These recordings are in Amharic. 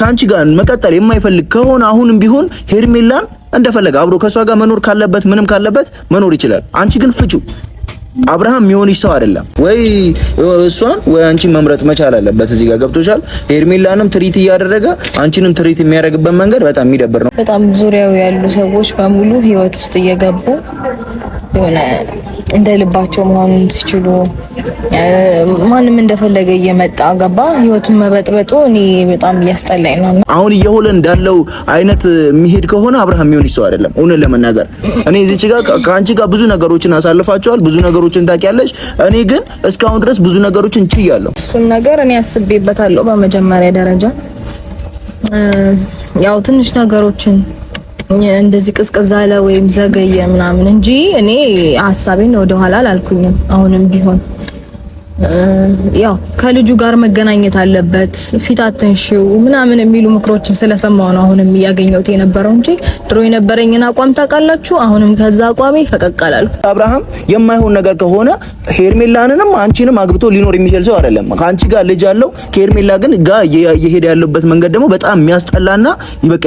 ከአንቺ ጋር መቀጠል የማይፈልግ ከሆነ አሁንም ቢሆን ሄርሜላን እንደፈለገ አብሮ ከእሷ ጋር መኖር ካለበት ምንም ካለበት መኖር ይችላል። አንቺ ግን ፍቹ አብርሃም የሚሆንሽ ሰው አይደለም። ወይ እሷን ወይ አንቺን መምረጥ መቻል አለበት። እዚህ ጋር ገብቶሻል። ሄርሜላንም ትሪት እያደረገ አንቺንም ትሪት የሚያደርግበት መንገድ በጣም የሚደብር ነው። በጣም ዙሪያው ያሉ ሰዎች በሙሉ ህይወት ውስጥ እየገቡ የሆነ እንደ ልባቸው መሆን ሲችሉ ማንም እንደፈለገ እየመጣ ገባ ህይወቱን መበጥበጡ እኔ በጣም እያስጠላኝ ነው። አሁን እየሆነ እንዳለው አይነት የሚሄድ ከሆነ አብርሃም የሚሆንሽ ሰው አይደለም። እውነት ለመናገር እኔ እዚች ጋር ከአንቺ ጋር ብዙ ነገሮችን አሳልፋቸዋል ብዙ ነገ ነገሮችን ታውቂያለሽ። እኔ ግን እስካሁን ድረስ ብዙ ነገሮችን ችያለሁ። እሱን ነገር እኔ አስቤበታለሁ። በመጀመሪያ ደረጃ ያው ትንሽ ነገሮችን እንደዚህ ቅዝቅዝ አለ ወይም ዘገየ ምናምን እንጂ እኔ ሀሳቤን ወደኋላ አላልኩኝም። አሁንም ቢሆን ያው ከልጁ ጋር መገናኘት አለበት፣ ፊት አትንሺው ምናምን የሚሉ ምክሮችን ስለሰማው ነው አሁንም እያገኘሁት የነበረው እንጂ ድሮ የነበረኝን አቋም ታውቃላችሁ። አሁንም ከዛ አቋሜ ፈቀቅ አላልኩ። አብርሃም የማይሆን ነገር ከሆነ ሄርሜላንንም አንቺንም አግብቶ ሊኖር የሚችል ሰው አይደለም። ከአንቺ ጋር ልጅ አለው፣ ከሄርሜላ ግን ጋ እየሄደ ያለበት መንገድ ደግሞ በጣም የሚያስጠላና በቃ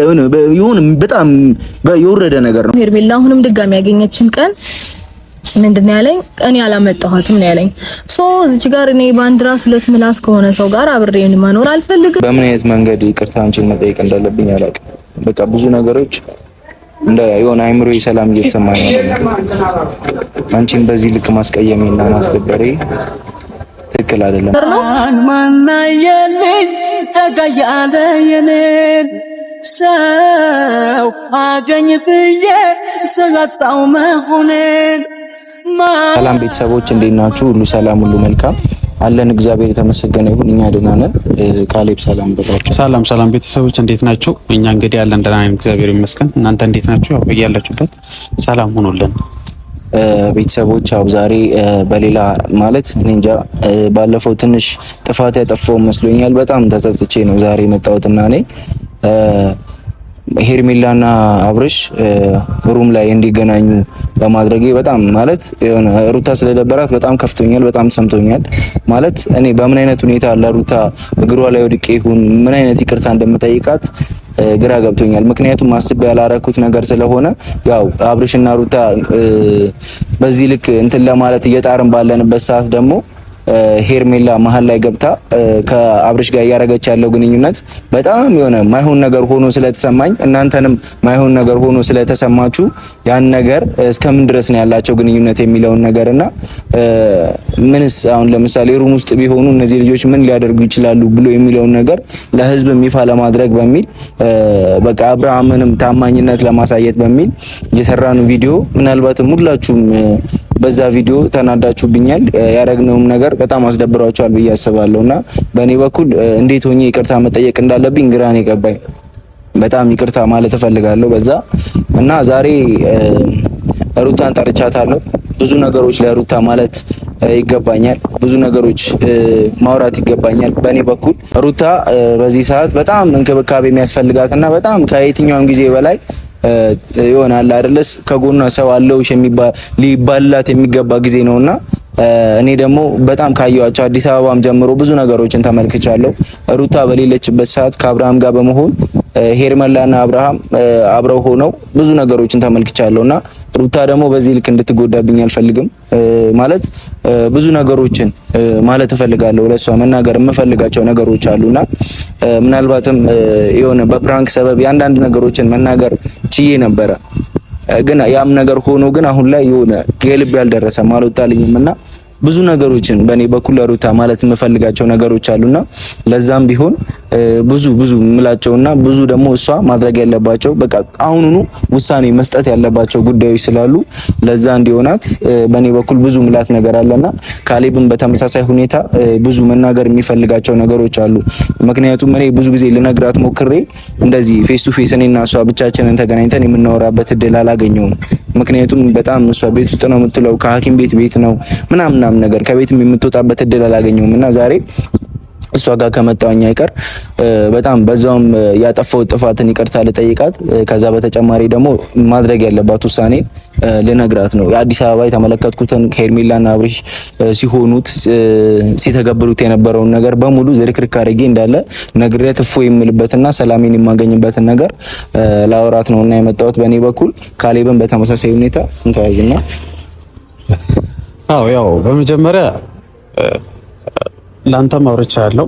የሆነ በጣም የወረደ ነገር ነው። ሄርሜላ አሁንም ድጋሚ ያገኘችን ቀን ምንድን ነው ያለኝ? እኔ አላመጣኋትም ነው ያለኝ። ሶ እዚህ ጋር እኔ በአንድ ሁለት ምላስ ከሆነ ሰው ጋር አብሬ መኖር አልፈልግም። በምን አይነት መንገድ ይቅርታ አንቺን መጠየቅ እንዳለብኝ አላውቅም። በቃ ብዙ ነገሮች እንደ የሆነ አይምሮ ሰላም እየተሰማኝ ነው። አንቺን በዚህ ልክ ማስቀየሜና ማስደበሬ ትክክል አይደለም። ማናየልኝ ተጋያለ የኔን ሰው አገኝ ብዬ ስላጣው መሆኔን ሰላም ቤተሰቦች እንዴት ናችሁ? ሁሉ ሰላም፣ ሁሉ መልካም አለን። እግዚአብሔር የተመሰገነ ይሁን። እኛ ደህና ነን። ካሌብ ሰላም ብላችሁ። ሰላም ሰላም ቤተሰቦች እንዴት ናችሁ? እኛ እንግዲህ አለን ደህና ነን፣ እግዚአብሔር ይመስገን። እናንተ እንዴት ናችሁ? ያው በያላችሁበት ሰላም ሁኑልን ቤተሰቦች። ያው ዛሬ በሌላ ማለት እኔ እንጃ ባለፈው ትንሽ ጥፋት ያጠፋው መስሎኛል። በጣም ተጸጽቼ ነው ዛሬ የመጣሁት እና እኔ ሄርሜላና አብርሽ ሩም ላይ እንዲገናኙ በማድረጌ በጣም ማለት የሆነ ሩታ ስለደበራት በጣም ከፍቶኛል፣ በጣም ሰምቶኛል። ማለት እኔ በምን አይነት ሁኔታ ለሩታ እግሯ ላይ ወድቄ ይሁን ምን አይነት ይቅርታ እንደምጠይቃት ግራ ገብቶኛል። ምክንያቱም አስቤ ያላረኩት ነገር ስለሆነ ያው አብርሽና ሩታ በዚህ ልክ እንትን ለማለት እየጣርን ባለንበት ሰዓት ደግሞ ሄርሜላ መሀል ላይ ገብታ ከአብርሽ ጋር እያደረገች ያለው ግንኙነት በጣም የሆነ ማይሆን ነገር ሆኖ ስለተሰማኝ እናንተንም ማይሆን ነገር ሆኖ ስለተሰማችሁ ያን ነገር እስከምን ድረስ ነው ያላቸው ግንኙነት የሚለውን ነገርና ምንስ አሁን ለምሳሌ ሩም ውስጥ ቢሆኑ እነዚህ ልጆች ምን ሊያደርጉ ይችላሉ ብሎ የሚለውን ነገር ለህዝብ ይፋ ለማድረግ በሚል በቃ አብርሃምንም ታማኝነት ለማሳየት በሚል የሰራነው ቪዲዮ ምናልባትም ሁላችሁም በዛ ቪዲዮ ተናዳችሁብኛል። ያደረግነውም ነገር በጣም አስደብሯቸዋል ብዬ አስባለሁ እና በእኔ በኩል እንዴት ሆኜ ይቅርታ መጠየቅ እንዳለብኝ ግራን የገባኝ በጣም ይቅርታ ማለት እፈልጋለሁ በዛ እና ዛሬ ሩታን ጠርቻታለሁ። ብዙ ነገሮች ለሩታ ማለት ይገባኛል። ብዙ ነገሮች ማውራት ይገባኛል። በእኔ በኩል ሩታ በዚህ ሰዓት በጣም እንክብካቤ የሚያስፈልጋት እና በጣም ከየትኛውም ጊዜ በላይ ይሆናል አይደለስ ከጎኗ ሰው አለውሽ ሊባላት የሚገባ ጊዜ ነውና እኔ ደግሞ በጣም ካየኋቸው አዲስ አበባም ጀምሮ ብዙ ነገሮችን ተመልክቻለሁ። ሩታ በሌለችበት ሰዓት ከአብርሃም ጋር በመሆን ሄርመላና አብርሃም አብረው ሆነው ብዙ ነገሮችን ተመልክቻለሁ እና ሩታ ደግሞ በዚህ ልክ እንድትጎዳብኝ አልፈልግም። ማለት ብዙ ነገሮችን ማለት እፈልጋለሁ። ለሷ መናገር የምፈልጋቸው ነገሮች አሉና ምናልባትም የሆነ በፕራንክ ሰበብ የአንዳንድ ነገሮችን መናገር ችዬ ነበረ ግን ያም ነገር ሆኖ ግን አሁን ላይ የሆነ ከልብ ያልደረሰ አልወጣልኝም እና ብዙ ነገሮችን በእኔ በኩል ለሩታ ማለት የምፈልጋቸው ነገሮች አሉና ለዛም ቢሆን ብዙ ብዙ ምላቸውና ብዙ ደግሞ እሷ ማድረግ ያለባቸው በቃ አሁኑኑ ውሳኔ መስጠት ያለባቸው ጉዳዮች ስላሉ ለዛ እንዲሆናት በእኔ በኩል ብዙ ምላት ነገር አለና ካሌብን በተመሳሳይ ሁኔታ ብዙ መናገር የሚፈልጋቸው ነገሮች አሉ። ምክንያቱም እኔ ብዙ ጊዜ ልነግራት ሞክሬ እንደዚህ ፌስ ቱ ፌስ እኔና እሷ ብቻችንን ተገናኝተን የምናወራበት እድል አላገኘውም። ምክንያቱም በጣም እሷ ቤት ውስጥ ነው የምትለው፣ ከሐኪም ቤት ቤት ነው ምናምናም ነገር ከቤትም የምትወጣበት እድል አላገኘውም እና ዛሬ እሷ ጋር ከመጣውኛ ይቀር በጣም በዛውም ያጠፋሁት ጥፋትን ይቅርታ ልጠይቃት፣ ከዛ በተጨማሪ ደግሞ ማድረግ ያለባት ውሳኔ ልነግራት ነው። የአዲስ አበባ የተመለከትኩትን ሄርሜላና አብርሽ ሲሆኑት ሲተገብሩት የነበረውን ነገር በሙሉ ዝርክርክ አድርጌ እንዳለ ነግሬት እፎ የምልበትና ሰላሜን የማገኝበትን ነገር ላወራት ነው እና የመጣሁት በእኔ በኩል ካሌብን በተመሳሳይ ሁኔታ እንከያዝና አዎ ያው በመጀመሪያ ለአንተም አውርቻ ያለው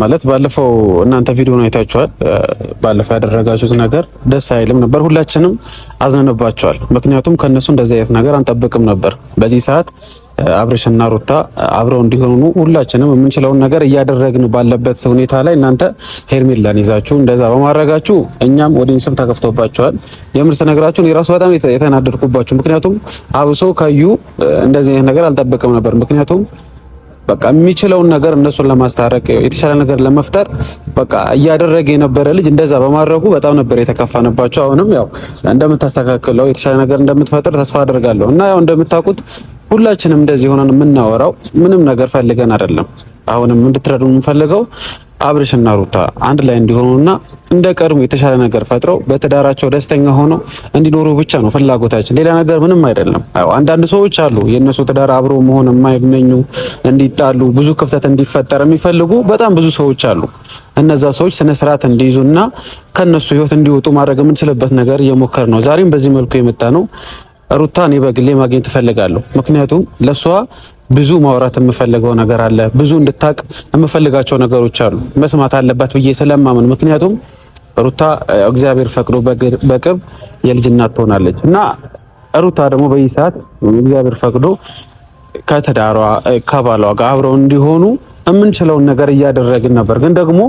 ማለት ባለፈው እናንተ ነው አይታችኋል። ባለፈው ያደረጋችሁት ነገር ደስ አይልም ነበር፣ ሁላችንም አዝነንባቸዋል። ምክንያቱም ከነሱ እንደዚህ አይነት ነገር አንጠብቅም ነበር። በዚህ ሰዓት አብርሽና ሩታ አብረው እንዲሆኑ ሁላችንም የምንችለውን ነገር እያደረግን ባለበት ሁኔታ ላይ እናንተ ሄርሜላን ይዛችሁ እንደዛ በማድረጋችሁ እኛም ኦዲየንስም ተከፍቶባቸዋል። የምር ስነግራችሁ እኔ ራሱ በጣም የተናደድኩባችሁ፣ ምክንያቱም አብሶ ከዩ እንደዚህ አይነት ነገር አልጠብቅም ነበር ምክንያቱም በቃ የሚችለውን ነገር እነሱን ለማስታረቅ የተሻለ ነገር ለመፍጠር በቃ እያደረገ የነበረ ልጅ እንደዛ በማድረጉ በጣም ነበር የተከፋንባቸው። አሁንም ያው እንደምታስተካክለው የተሻለ ነገር እንደምትፈጥር ተስፋ አድርጋለሁ እና ያው እንደምታውቁት ሁላችንም እንደዚህ ሆነን የምናወራው ምንም ነገር ፈልገን አይደለም። አሁንም እንድትረዱ የምንፈልገው አብርሽና ሩታ አንድ ላይ እንዲሆኑና እንደ ቀድሞ የተሻለ ነገር ፈጥረው በትዳራቸው ደስተኛ ሆነው እንዲኖሩ ብቻ ነው ፍላጎታችን፣ ሌላ ነገር ምንም አይደለም። አዎ አንዳንድ ሰዎች አሉ የነሱ ትዳር አብሮ መሆን የማይመኙ እንዲጣሉ፣ ብዙ ክፍተት እንዲፈጠር የሚፈልጉ በጣም ብዙ ሰዎች አሉ። እነዛ ሰዎች ስነ ስርዓት እንዲይዙና ከነሱ ህይወት እንዲወጡ ማድረግ የምንችልበት ነገር እየሞከር ነው። ዛሬም በዚህ መልኩ የመጣ ነው። ሩታ እኔ በግሌ ማግኘት እፈልጋለሁ። ምክንያቱም ለሷ ብዙ ማውራት የምፈልገው ነገር አለ። ብዙ እንድታቅ የምፈልጋቸው ነገሮች አሉ። መስማት አለባት ብዬ ስለማምን ምክንያቱም ሩታ እግዚአብሔር ፈቅዶ በቅርብ የልጅ እናት ትሆናለች እና ሩታ ደግሞ በዚህ ሰዓት እግዚአብሔር ፈቅዶ ከተዳሯ ከባሏ ጋር አብረው እንዲሆኑ የምንችለውን ነገር እያደረግን ነበር ግን ደግሞ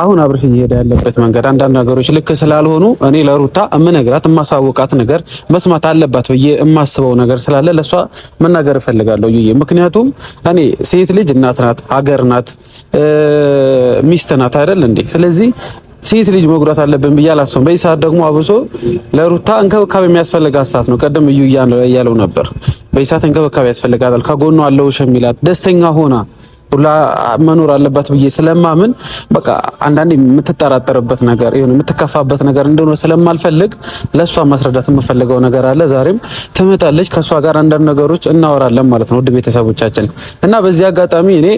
አሁን አብርሽ እየሄደ ያለበት መንገድ አንዳንድ ነገሮች ልክ ስላልሆኑ እኔ ለሩታ እምነግራት እማሳወቃት ነገር መስማት አለባት ብዬ የማስበው ነገር ስላለ ለሷ መናገር እፈልጋለሁ። ይሄ ምክንያቱም እኔ ሴት ልጅ እናት ናት፣ ሀገር ናት፣ ሚስት ናት አይደል እንዴ? ስለዚህ ሴት ልጅ መጉዳት አለብን ብዬ አላስብም። በዚህ ሰዓት ደግሞ አብሶ ለሩታ እንክብካቤ የሚያስፈልጋት ሰዓት ነው። ቀደም እዩ እያለው ነበር። በዚህ ሰዓት እንክብካቤ ያስፈልጋታል። ከጎኗ አለውሽ የሚላት ደስተኛ ሆና ሁላ መኖር አለባት ብዬ ስለማምን በቃ አንዳንዴ የምትጠራጠርበት ነገር ይሁን የምትከፋበት ነገር እንደሆነ ስለማልፈልግ ለእሷ ማስረዳት የምፈልገው ነገር አለ። ዛሬም ትመጣለች፣ ከእሷ ጋር አንዳንድ ነገሮች እናወራለን ማለት ነው ውድ ቤተሰቦቻችን። እና በዚህ አጋጣሚ እኔ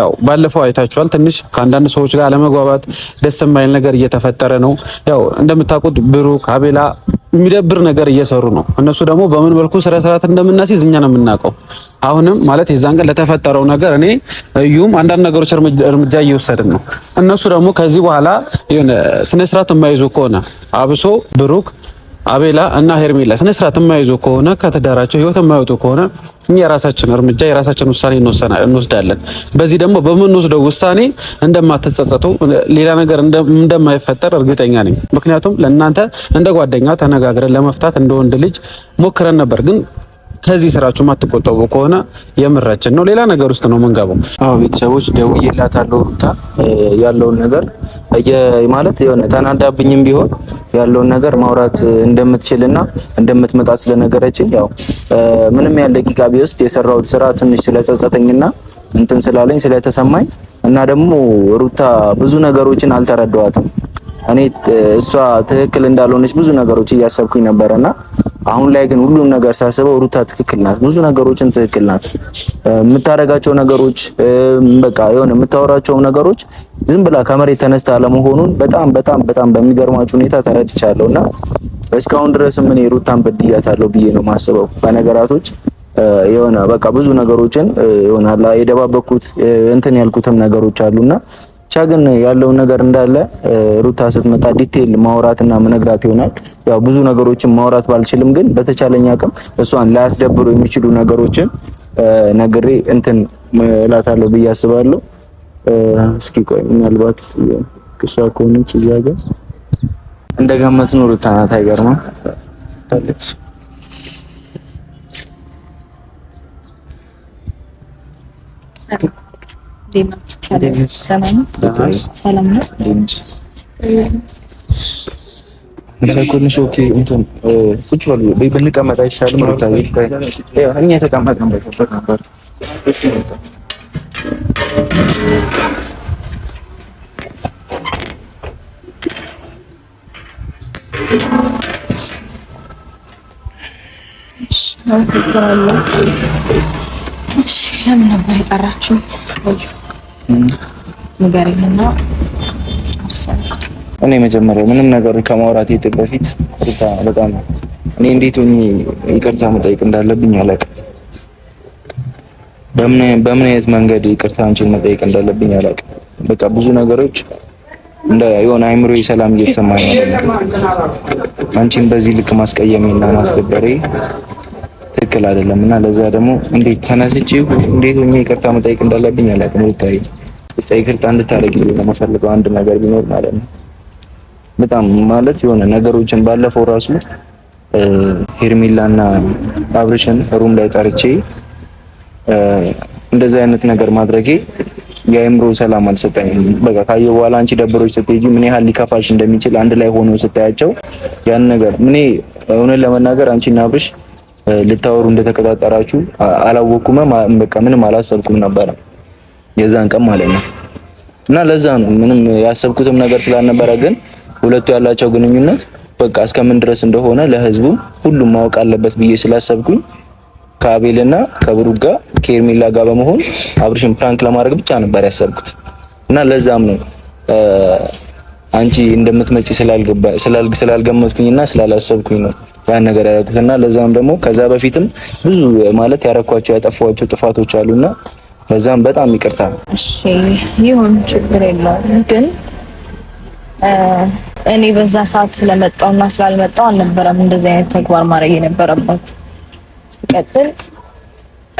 ያው ባለፈው አይታችኋል፣ ትንሽ ከአንዳንድ ሰዎች ጋር አለመግባባት፣ ደስ የማይል ነገር እየተፈጠረ ነው። ያው እንደምታውቁት ብሩክ አቤላ የሚደብር ነገር እየሰሩ ነው። እነሱ ደግሞ በምን መልኩ ስነ ስርዓት እንደምናስይዝ እኛ ነው የምናውቀው። አሁንም ማለት የዛን ቀን ለተፈጠረው ነገር እኔ እዩም አንዳንድ ነገሮች እርምጃ እየወሰድን ነው። እነሱ ደግሞ ከዚህ በኋላ የሆነ ስነ ስርዓት የማይዙ ከሆነ አብሶ ብሩክ አቤላ እና ሄርሜላ ስነ ስርዓት የማይዙ ከሆነ ከትዳራቸው ህይወት የማይወጡ ከሆነ እኛ የራሳችን እርምጃ የራሳችን ውሳኔ እንወስዳለን። በዚህ ደግሞ በምንወስደው ውሳኔ እንደማትጸጸቱ ሌላ ነገር እንደማይፈጠር እርግጠኛ ነኝ። ምክንያቱም ለእናንተ እንደ ጓደኛ ተነጋግረን ለመፍታት እንደ ወንድ ልጅ ሞክረን ነበር ግን ከዚህ ስራችሁ ማትቆጠቡ ከሆነ የምራችን ነው ሌላ ነገር ውስጥ ነው የምንገባው። አዎ ቤተሰቦች ደውዬላታለሁ። ሩታ ያለውን ነገር ማለት የሆነ ተናዳብኝም ቢሆን ያለውን ነገር ማውራት እንደምትችልና እንደምትመጣ ስለነገረችኝ ያው ምንም ያለ ደቂቃ ቢወስድ የሰራሁት ስራ ትንሽ ስለጸጸተኝና እንትን ስላለኝ ስለተሰማኝ እና ደግሞ ሩታ ብዙ ነገሮችን አልተረዳዋትም እኔ እሷ ትክክል እንዳልሆነች ብዙ ነገሮች እያሰብኩኝ ነበረና አሁን ላይ ግን ሁሉም ነገር ሳስበው ሩታ ትክክል ናት። ብዙ ነገሮችን ትክክል ናት። የምታደርጋቸው ነገሮች በቃ የሆነ የምታወራቸውም ነገሮች ዝም ብላ ከመሬት ተነስታ አለመሆኑን በጣም በጣም በጣም በሚገርማችሁ ሁኔታ ተረድቻለሁ እና እስካሁን ድረስም እኔ ሩታን በድያታለሁ ብዬ ነው የማስበው። በነገራቶች የሆነ በቃ ብዙ ነገሮችን የሆነ የደባበኩት እንትን ያልኩትም ነገሮች አሉና ብቻ ግን ያለውን ነገር እንዳለ ሩታ ስትመጣ ዲቴል ማውራትና መነግራት ይሆናል። ያው ብዙ ነገሮችን ማውራት ባልችልም ግን በተቻለኝ አቅም እሷን ላያስደብሩ የሚችሉ ነገሮችን ነግሬ እንትን እላታለሁ ብዬ አስባለሁ። እስኪ ቆይ ምናልባት እሷ ከሆነች እዚህ ሀገር እንደገመት ነው ሩታ ናት። አይገርማ። ታለች ይሻላል። ሰማኝ ሰላም ነው። ሰኮንሽ ብንቀመጥ አይሻልም? እኛ የተቀመጥንበት ነበር። ለምን ነበር የጠራችሁ? ንገረኝና እኔ መጀመሪያ ምንም ነገር ከማውራት የት በፊት ሩታ በጣም እኔ እንዴት ሆኜ ይቅርታ መጠየቅ እንዳለብኝ አላውቅም። በምን አይነት መንገድ ይቅርታ አንቺን መጠየቅ እንዳለብኝ አላውቅም። በቃ ብዙ ነገሮች እንደ የሆነ አይምሮ ሰላም እየተሰማኝ ነው። አንቺን በዚህ ልክ ማስቀየሜና ማስደበሬ ትክክል አይደለም እና ለዛ ደግሞ እንዴት ተነስቼ እንዴት ሆኜ ይቅርታ መጠየቅ እንዳለብኝ አላውቅም። ብታይ ብቻ ይቅርታ እንድታደርግ የምፈልገው አንድ ነገር ቢኖር ማለት ነው በጣም ማለት የሆነ ነገሮችን ባለፈው ራሱ ሄርሜላና አብርሽን ሩም ላይ ጠርቼ እንደዚህ አይነት ነገር ማድረጌ የአእምሮ ሰላም አልሰጠኝም። በቃ ካየሁ በኋላ አንቺ ደብሮች ስትሄጂ ምን ያህል ሊከፋሽ እንደሚችል አንድ ላይ ሆኖ ስታያቸው ያን ነገር እኔ እውነት ለመናገር አንቺና አብርሽ ልታወሩ እንደተቀጣጠራችሁ አላወቁም በቃ ምንም አላሰብኩም ነበረ የዛን ቀን ማለት ነው። እና ለዛ ነው ምንም ያሰብኩትም ነገር ስላልነበረ፣ ግን ሁለቱ ያላቸው ግንኙነት በቃ እስከምን ድረስ እንደሆነ ለህዝቡ ሁሉም ማወቅ አለበት ብዬ ስላሰብኩኝ ከአቤልና ከብሩክ ጋር ከኤርሜላ ጋር በመሆን አብርሽን ፕራንክ ለማድረግ ብቻ ነበር ያሰብኩት እና ለዛም ነው አንቺ እንደምትመጪ ስላልገመትኩኝና ስላላሰብኩኝ ነው ያን ነገር ያደረኩትና ለዛም ደግሞ ከዛ በፊትም ብዙ ማለት ያረኳቸው ያጠፋኋቸው ጥፋቶች አሉና በዛም በጣም ይቅርታ። እሺ ይሁን፣ ችግር የለውም። ግን እኔ በዛ ሰዓት ስለመጣውና ስላልመጣው አልነበረም እንደዚህ አይነት ተግባር ማድረግ የነበረባችሁ። ሲቀጥል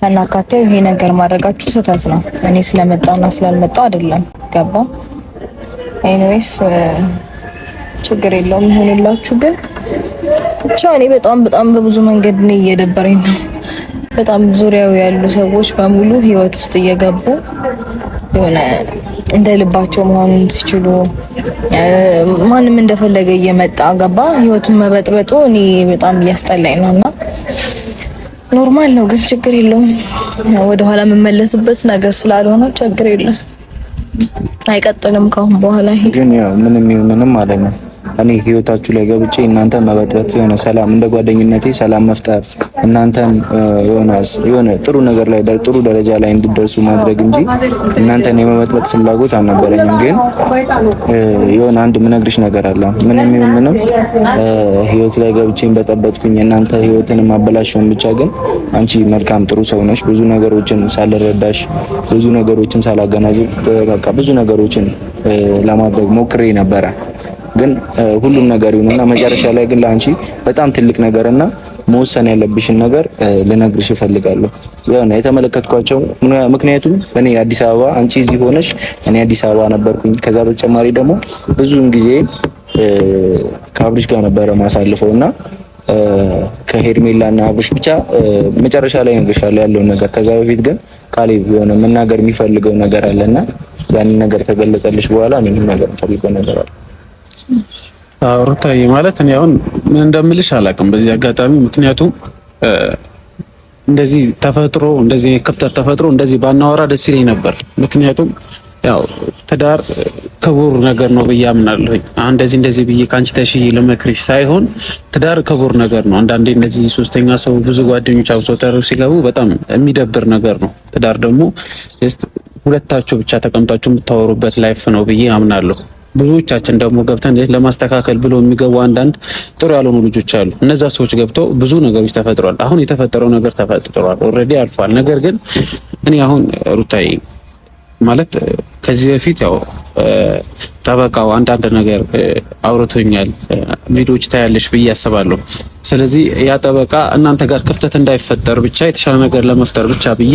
ከናካቴው ይሄ ነገር ማድረጋችሁ ስህተት ነው። እኔ ስለመጣውና ስላልመጣው አይደለም። ገባ ኤኒዌይስ uh, ችግር የለውም ይሆንላችሁ። ግን ብቻ እኔ በጣም በጣም በብዙ መንገድ እኔ እየደበረኝ ነው። በጣም ዙሪያው ያሉ ሰዎች በሙሉ ህይወት ውስጥ እየገቡ የሆነ እንደ ልባቸው መሆን ሲችሉ ማንም እንደፈለገ እየመጣ ገባ ህይወቱን መበጥበጡ እኔ በጣም እያስጠላኝ ነው እና ኖርማል ነው ግን ችግር የለውም። ወደኋላ የምመለስበት ነገር ስላልሆነ ችግር የለም። አይቀጥልም ከሁን በኋላ ይሄ ግን ያው ምንም ምንም ማለት ነው እኔ ህይወታችሁ ላይ ገብቼ እናንተ መበጥበጥ የሆነ ሰላም እንደ ጓደኝነቴ ሰላም መፍጠር እናንተን የሆነ ጥሩ ነገር ላይ ጥሩ ደረጃ ላይ እንድደርሱ ማድረግ እንጂ እናንተን የመመጥመጥ ፍላጎት አልነበረኝም። ግን የሆነ አንድ ምነግርሽ ነገር አለ። ምንም ይሁን ምንም ህይወት ላይ ገብቼን በጠበጥኩኝ እናንተ ህይወትን ማበላሽውን ብቻ ግን አንቺ መልካም ጥሩ ሰው ነሽ። ብዙ ነገሮችን ሳልረዳሽ፣ ብዙ ነገሮችን ሳላገናዝብ በቃ ብዙ ነገሮችን ለማድረግ ሞክሬ ነበረ። ግን ሁሉም ነገር ይሁንና መጨረሻ ላይ ግን ለአንቺ በጣም ትልቅ ነገርና መወሰን ያለብሽን ነገር ልነግርሽ እፈልጋለሁ። የሆነ የተመለከትኳቸው ምክንያቱም እኔ አዲስ አበባ አንቺ እዚህ ሆነሽ እኔ አዲስ አበባ ነበርኩኝ። ከዛ በተጨማሪ ደግሞ ብዙውን ጊዜ ከአብሪሽ ጋር ነበረ ማሳልፈው እና ከሄርሜላ እና አብሪሽ ብቻ መጨረሻ ላይ እነግርሻለሁ ያለውን ነገር። ከዛ በፊት ግን ካሌብ የሆነ መናገር የሚፈልገው ነገር አለና ያንን ነገር ከገለጸልሽ በኋላ ምንም ነገር የምፈልገው ነገር አለ ሩታዬ ማለት እኔ አሁን ምን እንደምልሽ አላውቅም በዚህ አጋጣሚ። ምክንያቱም እንደዚህ ተፈጥሮ እንደዚህ ክፍተት ተፈጥሮ እንደዚህ ባናወራ ደስ ይለኝ ነበር። ምክንያቱም ያው ትዳር ክቡር ነገር ነው ብዬ አምናለሁ። እንደዚህ እንደዚህ ብዬ ከአንቺ ተሽዬ ልመክርሽ ሳይሆን ትዳር ክቡር ነገር ነው። አንዳንዴ እንደዚህ ሶስተኛ ሰው ብዙ ጓደኞች አብሶተሩ ሲገቡ በጣም የሚደብር ነገር ነው። ትዳር ደግሞ ሁለታችሁ ብቻ ተቀምጣችሁ የምታወሩበት ላይፍ ነው ብዬ አምናለሁ። ብዙዎቻችን ደግሞ ገብተን ለማስተካከል ብሎ የሚገቡ አንዳንድ ጥሩ ያልሆኑ ልጆች አሉ። እነዛ ሰዎች ገብተው ብዙ ነገሮች ተፈጥሯል። አሁን የተፈጠረው ነገር ተፈጥሯል፣ ኦልሬዲ አልፏል። ነገር ግን እኔ አሁን ሩታዬ ማለት ከዚህ በፊት ያው ጠበቃው አንዳንድ ነገር አውርቶኛል፣ ቪዲዮዎች ታያለሽ ብዬ አስባለሁ። ስለዚህ ያ ጠበቃ እናንተ ጋር ክፍተት እንዳይፈጠር ብቻ የተሻለ ነገር ለመፍጠር ብቻ ብዬ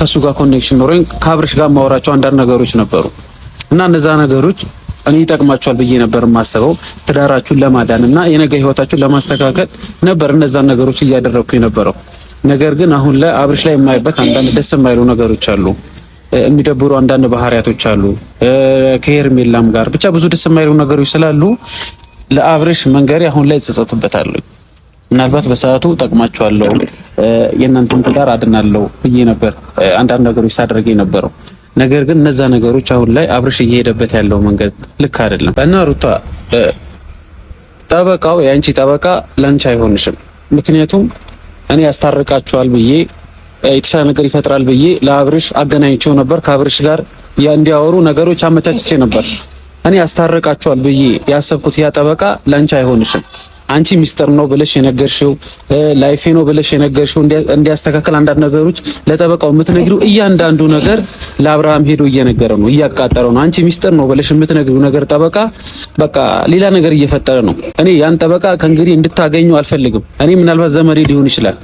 ከሱ ጋር ኮኔክሽን ኖሮኝ ከአብርሽ ጋር ማወራቸው አንዳንድ ነገሮች ነበሩ እና እነዛ ነገሮች እኔ ይጠቅማቸዋል ብዬ ነበር የማስበው ትዳራችሁን ለማዳን እና የነገ ህይወታችሁን ለማስተካከል ነበር እነዛን ነገሮች እያደረግኩ የነበረው። ነገር ግን አሁን ላይ አብርሽ ላይ የማይበት አንዳንድ ደስ የማይሉ ነገሮች አሉ፣ የሚደብሩ አንዳንድ ባህሪያቶች አሉ። ከሄርሜላም ጋር ብቻ ብዙ ደስ የማይሉ ነገሮች ስላሉ ለአብርሽ መንገሪ አሁን ላይ እጸጸትበታለሁ። ምናልባት በሰዓቱ ጠቅማቸዋለው የእናንተን ትዳር አድናለሁ ብዬ ነበር አንዳንድ ነገሮች ሳደርግ የነበረው ነገር ግን እነዛ ነገሮች አሁን ላይ አብርሽ እየሄደበት ያለው መንገድ ልክ አይደለም እና ሩታ ጠበቃው የአንቺ ጠበቃ ለአንቺ አይሆንሽም። ምክንያቱም እኔ ያስታርቃቸዋል ብዬ የተሻለ ነገር ይፈጥራል ብዬ ለአብርሽ አገናኝቸው ነበር። ከአብርሽ ጋር እንዲያወሩ ነገሮች አመቻችቼ ነበር። እኔ ያስታርቃቸዋል ብዬ ያሰብኩት ያ ጠበቃ ለአንቺ አይሆንሽም። አንቺ ሚስጥር ነው ብለሽ የነገርሽው ላይፌ ነው ብለሽ የነገርሽው እንዲያስተካከል አንዳንድ ነገሮች ለጠበቃው የምትነግሪው እያንዳንዱ ነገር ለአብርሃም ሄዶ እየነገረ ነው፣ እያቃጠረ ነው። አንቺ ሚስጥር ነው ብለሽ የምትነግሪው ነገር ጠበቃ በቃ ሌላ ነገር እየፈጠረ ነው። እኔ ያን ጠበቃ ከእንግዲህ እንድታገኙ አልፈልግም። እኔ ምናልባት ዘመዴ ሊሆን ይችላል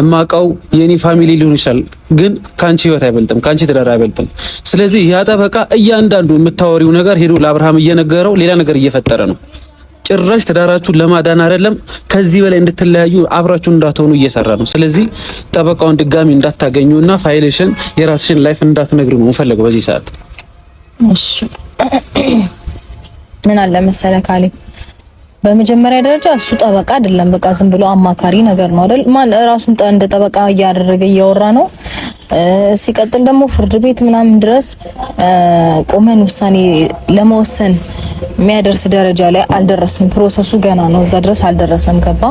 እማቀው የኔ ፋሚሊ ሊሆን ይችላል፣ ግን ካንቺ ህይወት አይበልጥም፣ ካንቺ ትዳር አይበልጥም። ስለዚህ ያ ጠበቃ እያንዳንዱ የምታወሪው ነገር ሄዶ ለአብርሃም እየነገረው ሌላ ነገር እየፈጠረ ነው። ጭራሽ ትዳራችሁን ለማዳን አይደለም ከዚህ በላይ እንድትለያዩ አብራችሁን እንዳትሆኑ እየሰራ ነው። ስለዚህ ጠበቃውን ድጋሚ እንዳታገኙና ፋይልሽን የራስሽን ላይፍ እንዳትነግሩ ነው የምፈልገው በዚህ ሰዓት። እሺ ምን አለ መሰለ ካሌ፣ በመጀመሪያ ደረጃ እሱ ጠበቃ አይደለም፣ በቃ ዝም ብሎ አማካሪ ነገር ነው አይደል? ማን ራሱን እንደ ጠበቃ እያደረገ እያወራ ነው። ሲቀጥል ደግሞ ፍርድ ቤት ምናምን ድረስ ቆመን ውሳኔ ለመወሰን የሚያደርስ ደረጃ ላይ አልደረስም ፕሮሰሱ ገና ነው፣ እዛ ድረስ አልደረሰም። ገባ።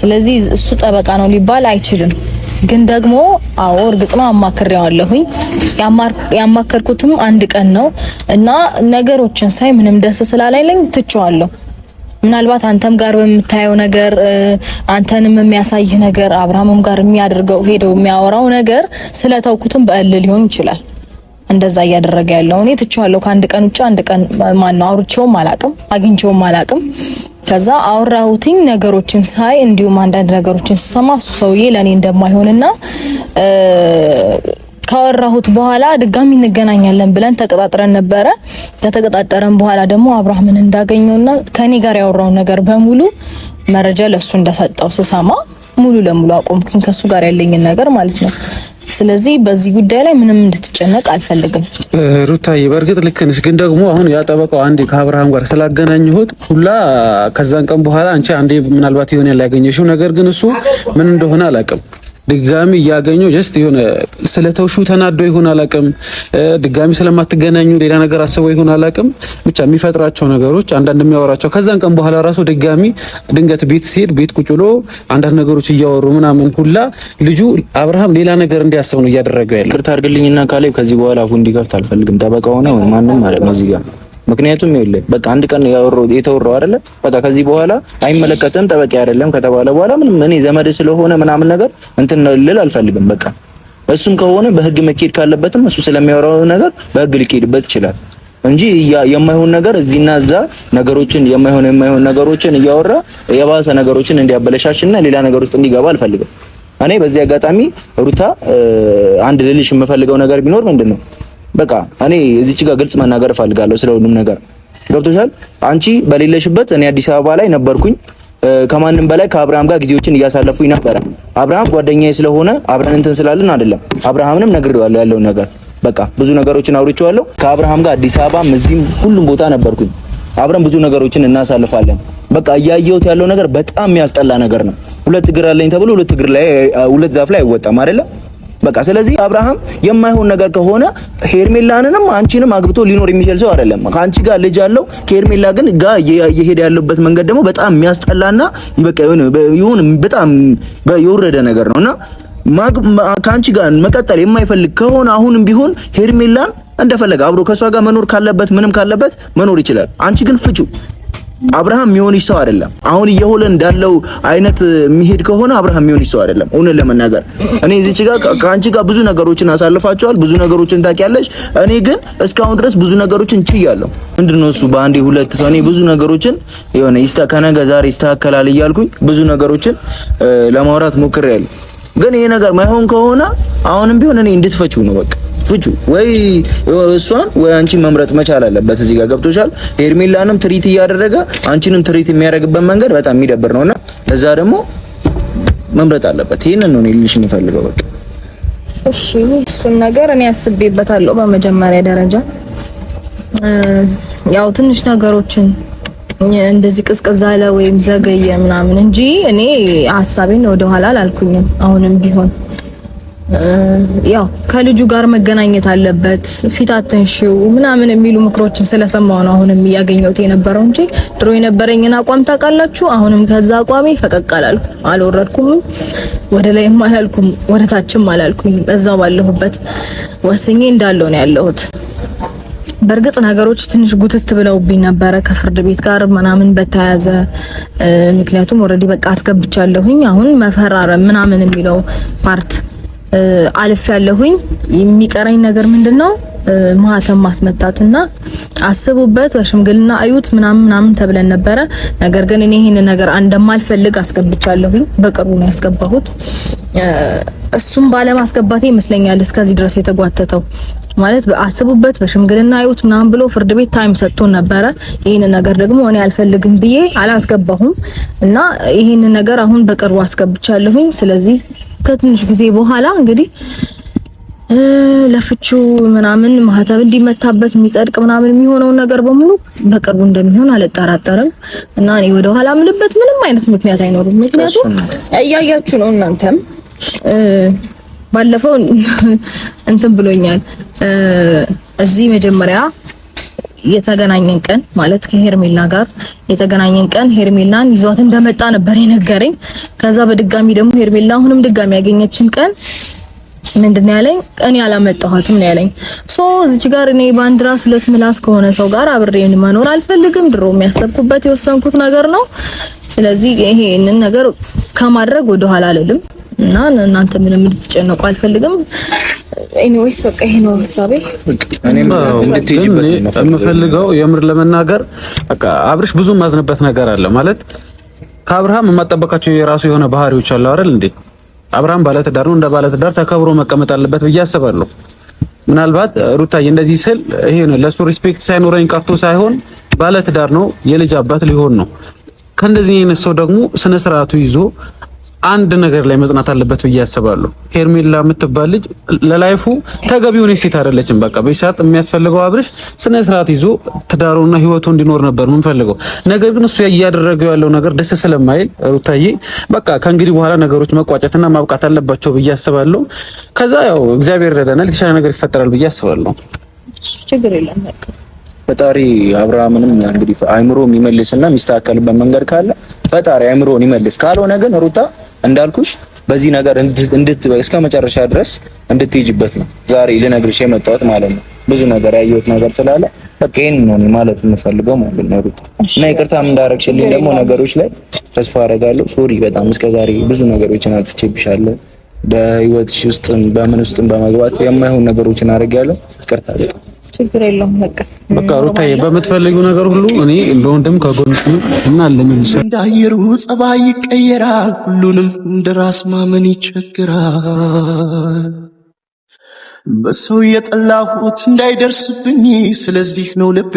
ስለዚህ እሱ ጠበቃ ነው ሊባል አይችልም። ግን ደግሞ አዎ እርግጥ ነው አማክሬዋለሁኝ። ያማከርኩትም አንድ ቀን ነው እና ነገሮችን ሳይ ምንም ደስ ስላላይለኝ ትቼዋለሁ። ምናልባት አንተም ጋር በምታየው ነገር አንተንም የሚያሳይህ ነገር አብርሃምም ጋር የሚያደርገው ሄደው የሚያወራው ነገር ስለተውኩትም በእል ሊሆን ይችላል። እንደዛ እያደረገ ያለው እኔ ትቼዋለሁ። ከአንድ ቀን ውጭ አንድ ቀን ማነው አውርቼውም አላቅም አግኝቼውም አላቅም። ከዛ አውራውቲኝ ነገሮችን ሳይ እንዲሁም አንዳንድ ነገሮችን ስሰማ እሱ ሰውዬ ለእኔ እንደማይሆንና ካወራሁት በኋላ ድጋሚ እንገናኛለን ብለን ተቀጣጥረን ነበረ። ከተቀጣጠረን በኋላ ደግሞ አብርሃምን እንዳገኘውና ከኔ ጋር ያወራውን ነገር በሙሉ መረጃ ለሱ እንደሰጠው ስሰማ ሙሉ ለሙሉ አቆምኩኝ ከሱ ጋር ያለኝን ነገር ማለት ነው። ስለዚህ በዚህ ጉዳይ ላይ ምንም እንድትጨነቅ አልፈልግም ሩታዬ። በእርግጥ ልክ ነሽ፣ ግን ደግሞ አሁን ያ ጠበቃው አንዴ ከአብርሃም ጋር ስላገናኝሁት ሁላ ከዛን ቀን በኋላ አንቺ አንዴ ምናልባት ይሆን ያላገኘሽው ነገር ግን እሱ ምን እንደሆነ አላውቅም ድጋሚ እያገኘው ጀስት የሆነ ስለተውሹ ተናዶ ይሁን አላቅም፣ ድጋሚ ስለማትገናኙ ሌላ ነገር አስቦ ይሁን አላቅም። ብቻ የሚፈጥራቸው ነገሮች አንዳንድ የሚያወራቸው ከዛን ቀን በኋላ ራሱ ድጋሚ ድንገት ቤት ሲሄድ ቤት ቁጭ ብሎ አንዳንድ ነገሮች እያወሩ ምናምን ሁላ ልጁ አብርሃም ሌላ ነገር እንዲያስብ ነው እያደረገው ያለ። ቅርታ አድርግልኝና ካሌብ ከዚህ በኋላ አፉ እንዲከፍት አልፈልግም። ጠበቃ ሆነ ማንም ማለት ነው እዚህ ጋር ምክንያቱም ይኸውልህ በቃ አንድ ቀን የተወራው አይደለ በቃ ከዚህ በኋላ አይመለከትም ጠበቂ አይደለም ከተባለ በኋላ ምን እኔ ዘመድ ስለሆነ ምናምን ነገር እንትን ልል አልፈልግም። በቃ እሱም ከሆነ በህግ መኬድ ካለበትም እሱ ስለሚያወራው ነገር በህግ ሊኬድበት ይችላል እንጂ የማይሆን ነገር እዚህና እዛ ነገሮችን የማይሆን የማይሆን ነገሮችን እያወራ የባሰ ነገሮችን እንዲያበለሻሽና ሌላ ነገር ውስጥ እንዲገባ አልፈልግም። እኔ በዚህ አጋጣሚ ሩታ አንድ ልልሽ የምፈልገው ነገር ቢኖር ምንድን ነው በቃ እኔ እዚች ጋር ግልጽ መናገር እፈልጋለሁ ስለ ሁሉም ነገር ገብቶሻል። አንቺ በሌለሽበት እኔ አዲስ አበባ ላይ ነበርኩኝ። ከማንም በላይ ከአብርሃም ጋር ጊዜዎችን እያሳለፉኝ ነበረ። አብርሃም ጓደኛዬ ስለሆነ አብረን እንትን ስላለን አይደለም። አብርሃምንም ነግሬዋለሁ ያለውን ነገር በቃ ብዙ ነገሮችን አውርቼዋለሁ። ከአብርሃም ጋር አዲስ አበባም እዚህም ሁሉም ቦታ ነበርኩኝ። አብረን ብዙ ነገሮችን እናሳልፋለን። በቃ እያየሁት ያለው ነገር በጣም የሚያስጠላ ነገር ነው። ሁለት እግር አለኝ ተብሎ ሁለት እግር ላይ ሁለት ዛፍ ላይ አይወጣም አይደለም በቃ ስለዚህ አብርሃም የማይሆን ነገር ከሆነ ሄርሜላንንም አንቺንም አግብቶ ሊኖር የሚችል ሰው አይደለም። ከአንቺ ጋር ልጅ አለው። ከሄርሜላ ግን ጋ እየሄደ ያለበት መንገድ ደግሞ በጣም የሚያስጠላና በቃ የሆነ በጣም የወረደ ነገር ነውና ከአንቺ ጋር መቀጠል የማይፈልግ ከሆነ አሁንም ቢሆን ሄርሜላን እንደፈለገ አብሮ ከእሷ ጋር መኖር ካለበት ምንም ካለበት መኖር ይችላል። አንቺ ግን ፍቹ አብርሃም የሚሆንሽ ሰው አይደለም። አሁን እየሆነ እንዳለው አይነት የሚሄድ ከሆነ አብርሃም የሚሆንሽ ሰው አይደለም። እውነት ለመናገር እኔ እዚች ጋር ከአንቺ ጋር ብዙ ነገሮችን አሳልፋቸዋል፣ ብዙ ነገሮችን ታውቂያለሽ። እኔ ግን እስካሁን ድረስ ብዙ ነገሮችን ችያለሁ። ምንድን ነው እሱ በአንዴ ሁለት ሰው እኔ ብዙ ነገሮችን የሆነ ከነገ ዛሬ ይስተካከላል እያልኩኝ ብዙ ነገሮችን ለማውራት ሞክሬያለሁ። ግን ይሄ ነገር ማይሆን ከሆነ አሁንም ቢሆን እኔ እንድትፈችው ነው በቃ ፍቹ ወይ እሷን ወይ አንቺን መምረጥ መቻል አለበት። እዚህ ጋር ገብቶሻል። ሄርሜላንም ትሪት እያደረገ አንቺንም ትሪት የሚያደርግበት መንገድ በጣም የሚደብር ነውና ለዛ ደግሞ መምረጥ አለበት። ይሄንን ነው እኔ ልልሽ የምፈልገው። በቃ እሺ፣ እሱን ነገር እኔ አስቤበታለሁ። በመጀመሪያ ደረጃ ያው ትንሽ ነገሮችን እንደዚህ ቅዝቅዝ አለ ወይም ዘገየ ምናምን እንጂ እኔ ሀሳቤን ወደኋላ አላልኩኝም አሁንም ቢሆን ያው ከልጁ ጋር መገናኘት አለበት፣ ፊት አትንሺው ምናምን የሚሉ ምክሮችን ስለሰማው ነው አሁንም እያገኘሁት የነበረው እንጂ ድሮ የነበረኝን አቋም ታውቃላችሁ። አሁንም ከዛ አቋሜ ፈቀቅ አላልኩ፣ አልወረድኩም፣ ወደ ላይም አላልኩም፣ ወደ ታችም አላልኩኝ። እዛው ባለሁበት ወስኜ እንዳለው ነው ያለሁት። በእርግጥ ነገሮች ትንሽ ጉትት ብለውብኝ ነበረ ከፍርድ ቤት ጋር ምናምን በተያያዘ ምክንያቱም ኦልሬዲ በቃ አስገብቻለሁኝ። አሁን መፈራረም ምናምን የሚለው ፓርት አልፍ ያለሁኝ። የሚቀረኝ ነገር ምንድነው? ነው? ማህተም ማስመታትና አስቡበት፣ በሽምግልና አዩት ምናምን ምናምን ተብለን ነበረ። ነገር ግን እኔ ይሄን ነገር እንደማልፈልግ አስገብቻለሁኝ። በቅርቡ ነው ያስገባሁት። እሱም ባለማስገባቴ ይመስለኛል እስከዚህ ድረስ የተጓተተው ማለት አስቡበት በሽምግልና አዩት ምናምን ብሎ ፍርድ ቤት ታይም ሰጥቶ ነበረ። ይህን ነገር ደግሞ እኔ አልፈልግም ብዬ አላስገባሁም እና ይህን ነገር አሁን በቅርቡ አስገብቻለሁኝ። ስለዚህ ከትንሽ ጊዜ በኋላ እንግዲህ ለፍቹ ምናምን ማህተብ እንዲመታበት የሚጸድቅ ምናምን የሚሆነውን ነገር በሙሉ በቅርቡ እንደሚሆን አልጠራጠርም እና እኔ ወደ ኋላ ምልበት ምንም አይነት ምክንያት አይኖርም። ምክንያቱም እያያችሁ ነው እናንተም ባለፈው እንትን ብሎኛል እዚህ መጀመሪያ የተገናኘን ቀን ማለት ከሄርሜላ ጋር የተገናኘን ቀን ሄርሜላን ይዟት እንደመጣ ነበር የነገረኝ። ከዛ በድጋሚ ደግሞ ሄርሜላ አሁንም ድጋሚ ያገኘችን ቀን ምንድን ነው ያለኝ? እኔ አላመጣኋትም ነው ያለኝ። ሶ እዚች ጋር እኔ በአንድ ሁለት ምላስ ከሆነ ሰው ጋር አብሬ መኖር አልፈልግም። ድሮ የሚያሰብኩበት የወሰንኩት ነገር ነው። ስለዚህ ይሄንን ነገር ከማድረግ ወደኋላ አልልም። እና እናንተ ምንም እንድትጨነቁ አልፈልግም። ኤኒዌይስ በቃ ይሄ ነው ሀሳቤ። የምፈልገው የምር ለመናገር በቃ አብርሽ ብዙ ማዝንበት ነገር አለ ማለት ከአብርሃም የማጠበቃቸው የራሱ የሆነ ባህሪዎች አሉ አይደል እንዴ? አብርሃም ባለትዳር ነው። እንደ ባለትዳር ተከብሮ መቀመጥ አለበት ብዬ አስባለሁ። ምናልባት ሩታዬ እንደዚህ ስል ይሄ ነው ለሱ ሪስፔክት ሳይኖረኝ ቀርቶ ሳይሆን ባለትዳር ነው፣ የልጅ አባት ሊሆን ነው። ከእንደዚህ አይነት ሰው ደግሞ ስነ ስርዓቱ ይዞ አንድ ነገር ላይ መጽናት አለበት ብዬ አስባለሁ። ሄርሜላ የምትባል ልጅ ለላይፉ ተገቢውን ሴት አይደለችም። በቃ በሰዓት የሚያስፈልገው አብርሽ ስነ ስርዓት ይዞ ትዳሩና ህይወቱ እንዲኖር ነበር የምንፈልገው። ነገር ግን እሱ እያደረገው ያለው ነገር ደስ ስለማይል ሩታዬ፣ በቃ ከእንግዲህ በኋላ ነገሮች መቋጨትና ማብቃት አለባቸው ብዬ አስባለሁ። ከዛ ያው እግዚአብሔር ረዳናል፣ የተሻለ ነገር ይፈጠራል ብዬ አስባለሁ። ችግር የለም። ፈጣሪ አብርሃምንም እንግዲህ አይምሮ የሚመልስና የሚስተካከልበት መንገድ ካለ ፈጣሪ አይምሮን ይመልስ፣ ካልሆነ ግን ሩታ እንዳልኩሽ በዚህ ነገር እንድት እስከ መጨረሻ ድረስ እንድትሄጂበት ነው ዛሬ ልነግርሽ የመጣሁት ማለት ነው። ብዙ ነገር ያየሁት ነገር ስላለ በቃ ይሄን ነው ማለት የምፈልገው ማለት ነው። እና ይቅርታም እንዳረግሽልኝ ደግሞ ነገሮች ላይ ተስፋ አደርጋለሁ። ሶሪ በጣም እስከ ዛሬ ብዙ ነገሮችን አጥፍቼብሻለሁ። በህይወትሽ ውስጥም በምን ውስጥም በመግባት የማይሆን ነገሮችን አድርጌያለሁ። ይቅርታ በጣም ችግር የለውም። በቃ በቃ ሩታዬ በምትፈልጉ ነገር ሁሉ እኔ በወንድም ወንድም ከጎንሽ እና ለምን እንደ አየሩ ጸባይ ይቀየራል። ሁሉንም እንደ ራስ ማመን ይቸግራል። በሰው የጠላሁት እንዳይደርስብኝ ስለዚህ ነው ልቤ